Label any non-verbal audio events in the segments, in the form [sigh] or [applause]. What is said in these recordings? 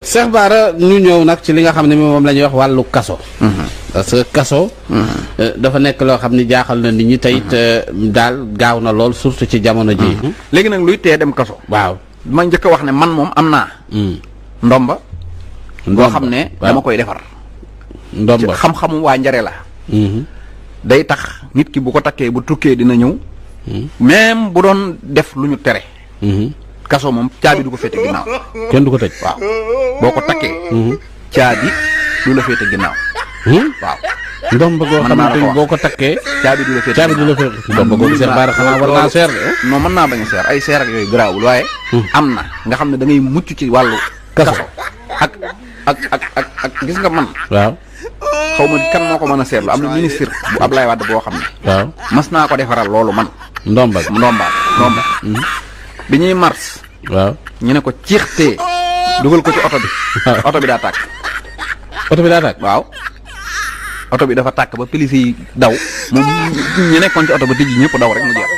Cheikh Bara ñu ñëw nag ci li nga xam ne moom la ñuy wax wàllu kaso. Mhm. parce que kaso. Mhm. Euh, dafa nekk loo xam ne jaaxal na nit ñi tey mhm. euh, daal gaaw na lool surtout ci jamono ji léegi nag luy tee dem kaso. waaw ma njëkk a wax ne man moom am naa. Mm. ndomba. ndomba xam ne dama koy defar. ndomba xam waa njare la. day tax nit ki bu ko takkee bu tukkee dina ñëw. même bu doon def lu ñu tere. kaso moom caabi du ko fete ginnaaw. kenn du ko tëj waaw. boo ko takkee. Mhm. caabi du la féete ginnaaw. Hmm? waaw. ndomb goo xamante ni boo ko takkee. caabi du la féete caabi du la féete ndomb googu seer baara xanaa war naa ay seer ak yooyu garaawul waaye. Hmm. am na nga xam ne da ngay ci wàllu. kaso ak ak ak gis nga man. waaw. xaw ma moo ko mën a seetlu am na ministre bu Ablaye Wade boo xam ne. waaw naa ko defaral loolu man. ndomba ndomba ndomba. Hmm. bi ñuy mars. ñu ne ko ciixtee. dugal ko ci oto bi. [laughs] oto bi daa tàkk. oto bi daa tàkk waaw. oto bi dafa tàkk ba police yi daw mu ñu nekkoon ci oto ba tijji ñëpp daw rek mu jeex.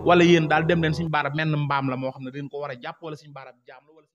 wala yéen daal dem leen suñ baarab menn mbaam la moo xam ne dañ ko war a jàpp wala suñ baarab jaam la wala